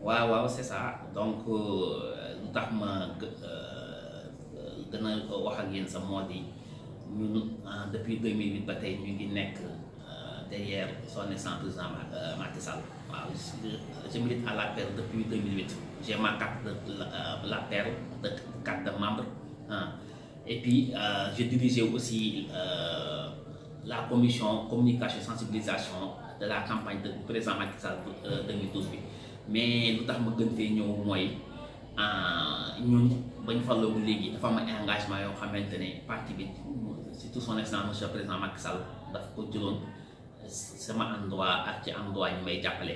waaw waaw c'est ça donc euh, lu tax ma euh, gën a wax ak yéen sa moo di ñun euh, depuis 2008 ba tey ñu ngi nekk derrière son excellence président Macky waaw je milite à l'APR depuis 2008 j'ai ma carte de l'APR de carte de membre Et puis, euh, j'ai dirigé aussi euh, la commission communication et sensibilisation de la campagne de président Macky Sall 2012 euh, mais nous avons ma nous fee ñëw mooy euh, ñun bañ falloo bu léegi dafa am engagement yo xamantene ne parti bi tout son excellence monsieur président Macky Sall daf ko c'est euh, sama endroit ak ci endroit ñu may jappalé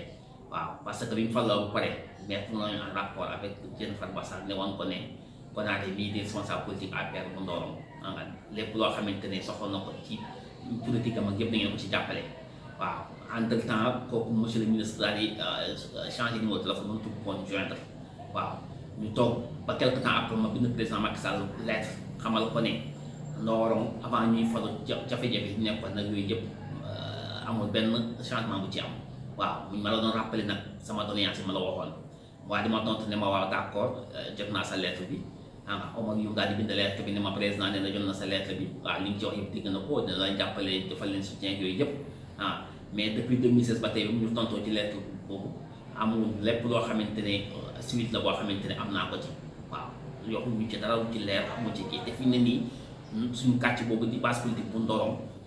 waaw parce que nous mu falloo bu mais fu nañu en rapport avec Diène Farba Sall ne ko né konaate mii di responsable politique APR bu ndoorom nga lépp loo xamante ne soxla na ko ci politique am ak yëpp da ngeen ko ci ah, jàppale waaw entre temps kooku monsieur le ministre daal waaw ñu toog ba quelque temps après ma bind président Macky Sall lettre xamal ko ne ndoorom avant ñuy falu jafe-jafe yi nekkoon nag yooyu yëpp amul benn changement bu ci am waaw mu ma la doon rappelé nag sama doléance ma la waxoon waaye dama tontu ne ma waaw d'accord jot naa bi ah Omar Youm daal di bind lettre bi ne ma président nee na jot na sa lettre bi waaw li nga ci wax yëpp dégg na ko dina la yooyu yëpp mais depuis 2016 ba tey bi ñu tontoo ci lettre boobu amul lépp loo xamante ne suite la boo xamante ne am naa ko ci waaw yokkuñu ci dara ci leer amu ci kii te fi ne nii hmm, suñu kàcc di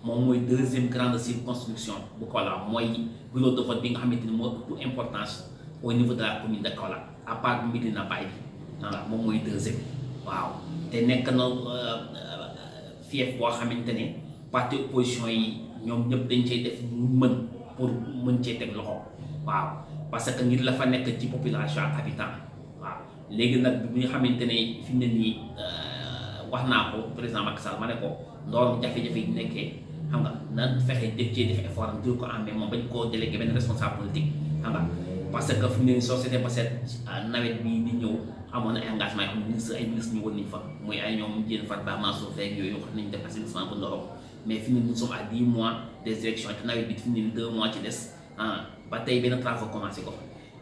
moom mooy deuxième grande circonscription bu Kaolack mooy bureau de vote bi nga xamante ni moo ëpp importance au niveau de la commune de Kaolack à part Médina Baye bi voilà moom mooy deuxième. waaw te nekk na euh, euh, fief boo xamante ne parti opposition yi ñoom ñëpp dañ cay def mu mën pour mën cee teg loxo waaw parce que ngir la fa nekk ci population ak habitant waaw léegi nag bi nga xamante ne fi mu ne nii euh, wax naa ko président Macky Sall ma ne ko ndooram jafe-jafe yi nekkee xam nga nan fexe def cee def effort ngir ko amee moom bañ koo délégué benn responsable politique xam nga parce que fu mu ne ba seet euh, nawet bii di ñëw amoon na ay engagement yoo xam ne ministre ay ministre ñu fa mooy ay wax nañ ne mois des élections nawet bi fi mu ne deux ci des ah, ba tey benn travaux commencé ko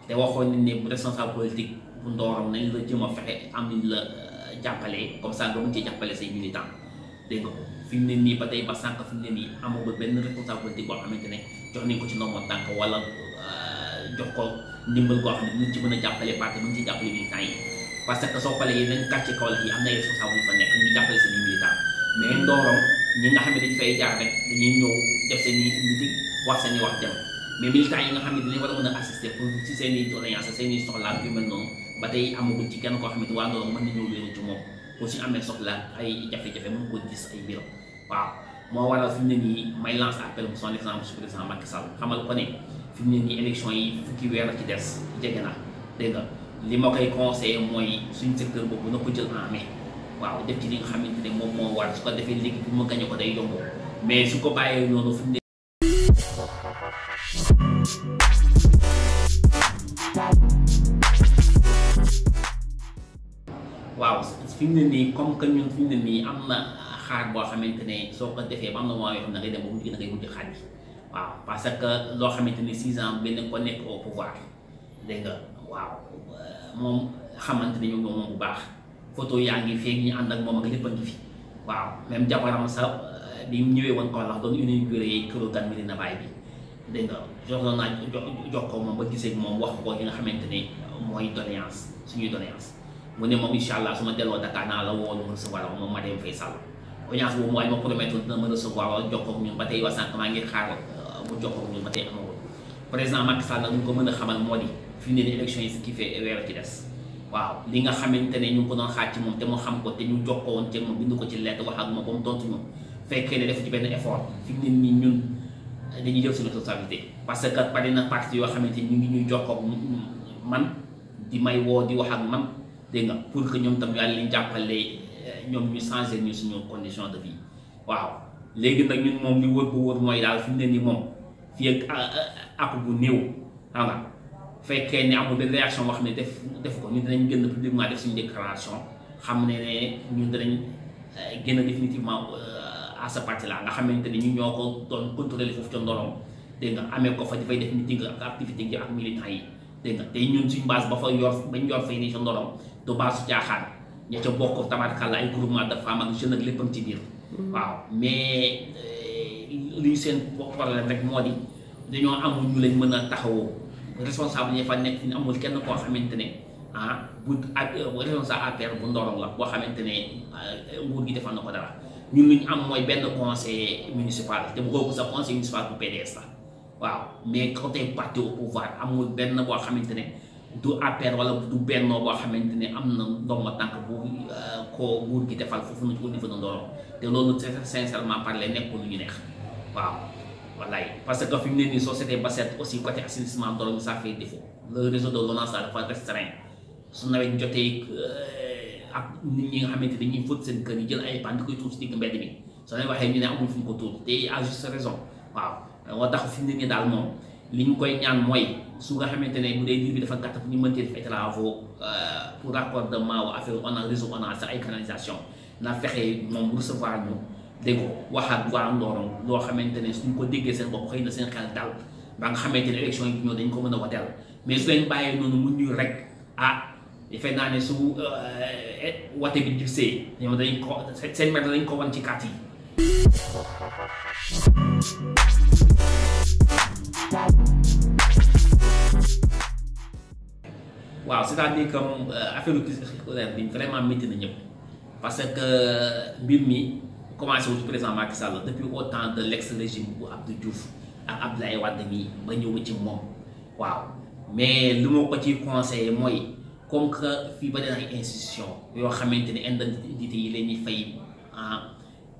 te waxoon nañ ne bu responsable politique bu Ndorong nañ la jëm a fexe am nañ la euh, jàppale comme ça nga mën cee jàppale say militants dégg nga fi ne nii ba tey ba sànq fi mu ne nii amagul benn responsable politique boo xamante ne jox nañ ko ci ndombo tànk wala. jox ko ndimbal goo xam ne dinañ ci mën a jàppale parti mën ci jàppale militant yi parce que soo xoolee yeneen quartier Kaolack yi am na ay responsable yu fa i militant mais ndoorom ñi nga xam ne dañ fay jaar rek nga xam ne dinañ war a mën a assister pour ci seen i doléance seen i soxlaal yu mel noonu ba tey amagul ci kenn koo xam ne waa ndoorom mën na ñëw wéeru ci moom pour suñu amee soxla ay jafe-jafe mën ko gis ay biram waaw moo waral fi mu ne nii may lance appel son exemple su président Macky Sall ko fi ne nii élection yi fukki weer ci des jege na dégg nga li ma koy conseillé mooy suñ secteur boobu na ko jël en waaw def ci li nga xamante ne moom moo war su ko defee léegi bi ma gañe ko day yomb mais su ko bàyyee noonu ne waaw fi mu ne nii comme que ñun fi mu ne nii am na xaar boo xamante ne soo ko defee ba am na moment yoo xam ne da ngay dem ba mujj da ngay mujj xaaj waaw parce que loo xamante ni six ans benn ko nekk au pouvoir dégg nga waaw euh, moom xamante nañu moom bu baax photo yaa ngi feeg ñu ànd ak moom lépp a ngi waaw même jabaram sa euh, bi mu ñëwee woon ko wax doon inauguré këru Gan Médina Baye bi dégg nga jox naa jox ko moom gisee moom wax ko li nga xamante ne mooy doléance suñuy doléance mu su ma delloo Dakar naa la ma recevoir moom Marième Faye Sall audience boobu waaye ma promettre dina tey waa sànq maa ngi xaaral mu jox ko ma tey amagul président Macky Sall nag ñu ko mën a xamal moo di fi ne ni élection yi si kii fee weer ci des waaw li nga xamante ne ñu ngi ko doon xaaj ci moom te mu xam ko te ñu jox ko woon ceeb ma bind ko ci lettre wax ak ma ba mu tontu ñu fekkee ne def ci benn effort fi mu ne nii ñun dañuy jël suñu responsabilité parce que bari na parti yoo xamante ñu ngi ñuy jox ko man di may woo di wax ak man dégg nga pour que ñoom tam yàlla ñu jàppale ñoom ñu changé ñu suñu condition de vie waaw léegi nag ñun moom li wër bu wër mooy daal fi mu ne nii moom. fii ak ak ah, ah, bu néew xam nga fekkee ne amul benn réaction wax ne def def ko ñun dinañ gën publiquement def suñu déclaration xam ne ne ñun dinañ eh, gën a définitivement euh, à sa partie là nga xamante ne ñu ñoo ko doon contrôler foofu ca ndolom dégg amee ko fa dafay def meeting ak activité yi ak militant yi dégg nga tey ñun suñu ba fa yor bañ yor fay nii ca ndolom du base caaxaan ña ca bokk tabaarkàlla ay groupement de femmes ak jeunes ak léppam ci biir mm. waaw euh, luy seen problème rek moo di dañoo amul ñu leen mën a taxawoo responsable yi fa nekk amul kenn koo xamante ne ah bu ak responsable APR bu ndorong la boo xamante ne euh, nguur gi defal na ko dara ñun lu ñu am mooy benn conseil municipal te bu kooku sa conseil municipal bu PDS la waaw mais côté parti au pouvoir amul benn boo xamante ne du APR wala du bennoo boo xamante ne am na ndomba tànk bu euh, ko nguur gi defal foofu na ci au niveau de ndorong te loolu sincèrement parler nekkul lu waaw wallaay parce que fi mu ne nii société Bassette aussi côté assainissement Ndorong ça fait défaut le réseau de l'ONAS dafa restreint su nawet jotee ak euh, nit ñi nga xamante ni ñuy fóot seen kër yi jël ay pan di koy tuur si bi soo leen waxee ñu ne amul fu ñu ko tuur te à juste moo tax fi mu daal moom li ñu koy ñaan mooy su nga xamante ne bu dee diir bi dafa gàtt fu ñu mëntee def ay travaux euh, pour raccordement wu affaire on a réseau on a sax ay canalisation na fexe moom recevoir ñu. dégg waxaat waa Ndorong loo xamante ne suñ ko déggee seen bopp xëy na seen xel dal ba nga xamante ne élection yi ñoo dañ ko mën a wateel mais su leen bàyyee noonu mu ñuy rek ah defe naa ne su euh, wate bi di see ñoom dañ ko seen mer dañ ko wan ci kàtt yi. waaw c'est-à-dire que euh, affaire bi vraiment métti na ñëpp parce que euh, mbir mi. commencé wu président Macky Sall depuis au temps de l'ex régime bu Abdou Diouf ak Abdoulaye Wade mi ba ñëw ci mom waaw mais lu ma ko ci conseiller moy comme que fi ba dina ay institution yo xamanteni ne indemnité yi leen ñuy fay ah,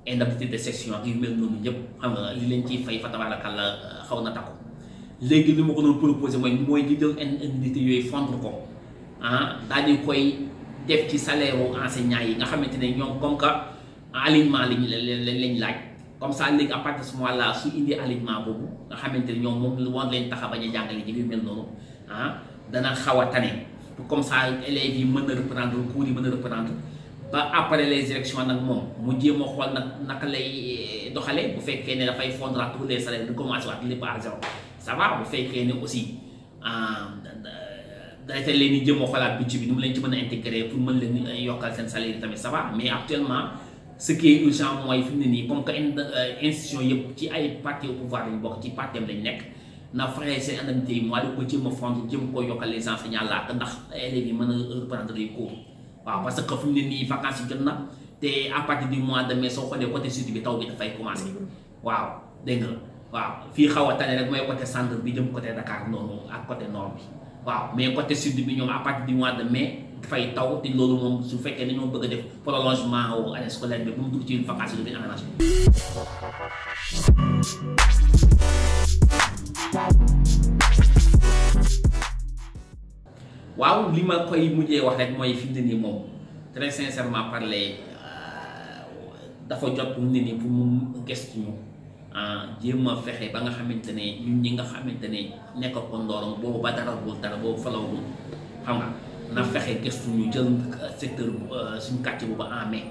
indemnité de section ak yu mel noonu ñëpp xam nga li leen ci fay fa tabaarakalla euh, xaw takku légui li ma ko doon proposer moy moy di doon indemnité yoy fondre ko ah daal koy def ci salaire enseignant yi nga xamanteni ñom comme que. alignement lañ lañ laaj comme ça léegi à partir de ce moment là su indee alignement boobu nga xamante ne ñoom moom war leen tax a bañ a jàngale ji mel noonu ah, dana xaw a tane comme sa élèves yi mën na reprendre cours yi mën na reprendre ba après les élections nag moom mu jéem a xool nag naka lay eh, doxalee bu fekkee ne dafay fondre à tous les salaires di commencé waat lépp à zéro bu fekkee ne aussi ah, leen di jéem a xoolaat bi nu mu leen ci mën a intégré pour mën leen eh, yokkal seen salaire yi tamit ça va mais actuellement. ce qui est urgent mooy fi mu ne nii comme euh, que institution yëpp ci ay parti au pouvoir lañ bokk ci parti am lañ nekk na fexe seen indemnité yi mois de ko jéem a fond jéem koo yokkal les a reprendre les jot na te à du mois de mai soo xoolee côté sud bi taw bi dafay commencé waaw dégg waaw fii xaw a tane rek mooy côté centre bi jëm côté Dakar noonu ak côté nord bi waaw mais côté sud bi ñoom à du mois de mai. dafay taw te loolu moom su fekkee dañoo bëgg a def prolongement wu année scolaire bi bu mu dugg ci vacances yi dañu arrangé waaw li ma koy mujjee wax rek mooy fi mu ne nii moom très sincèrement parler euh, dafa jot mu ne nii pour mu gëstu ñu ah, jéem a fexe ba nga xamante ne ñun ñi nga xamante ne ko ndoorom boobu ba dara bul dara boobu falawul xam nga na fexe gëstu ñu jël euh, secteur euh, suñu quartier boobu ba mai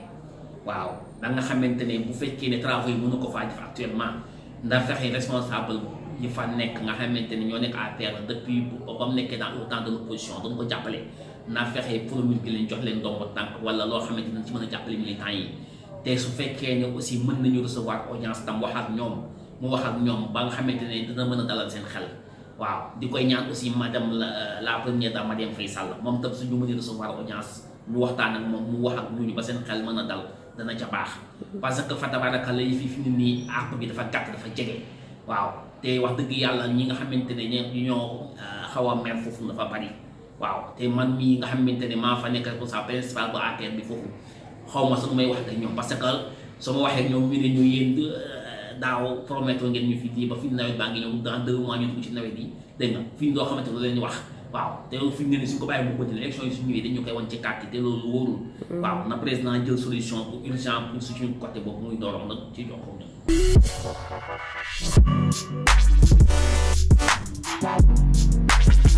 waaw da nga xamante ne bu fekkee ne travaux yi mënu ko faa def actuellement na fexe responsable ñi fa nekk nga xamante ne ñoo nekk à terre depuis ba mu nekkee dans le temps de l'opposition doon ko jàppale na fexe promulguer bi leen jox leen ndombo tànk wala loo xamante ne dañ ci mën a jàppale militants yi te su fekkee ne aussi mën nañu recevoir audience tam wax ak ñoom mu wax ak ñoom ba nga xamante ne dina mën a dalal seen waaw di koy ñaan aussi madame la euh, la première dame Marième Faye Sall moom tam suñu mën a recevoir audience waxtaan ak moom mu wax ak ñooñu ba seen xel mën a dal dana ca baax parce que fa tabaarakalla yi fi fi mu nii àpp bi dafa gàtt dafa jege waaw te wax dëgg yàlla ñi nga xamante ne ñoo ñoo euh, xaw a mer foofu dafa bari waaw te man mii nga xamante ne maa fa nekk sa principal bu APR bi foofu xaw ma su may wax ak ñoom parce que su ma waxee daaw promettre ngeen ñu fi lii ba fi nawet baa ngi ñëw dans deux mois ñu dugg ci nawet yi dégg nga fi doo xamante loolu leen wax waaw te loolu fi mu ne nii ko bàyyi mu continuer élection yi suñu ñëwee dañu koy wan ci carte te loolu wóorul mm. waaw na président jël solution pour urgent pour suñu côté boobu muy dooroon nag ci joxoon ñun